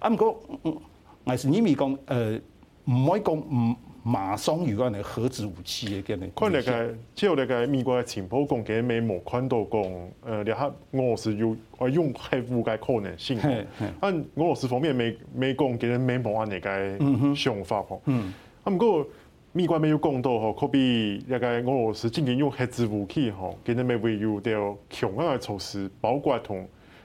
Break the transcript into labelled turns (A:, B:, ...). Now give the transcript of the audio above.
A: 咁嗯，嗯是你咪講，誒、呃、唔可以講唔馬上有關嘅核子武器
B: 嘅嘅呢？佢哋嘅，之後咧嘅美國嘅情報講美每看到講，講，誒、呃，佢俄羅斯要用核武嘅可能性。按俄羅斯方面國未講美每按呢個想法。咁過、嗯嗯，美國咪要講到，可比一個俄羅斯進行用核子武器，吼，佢哋咪會有啲強硬嘅措施包括同。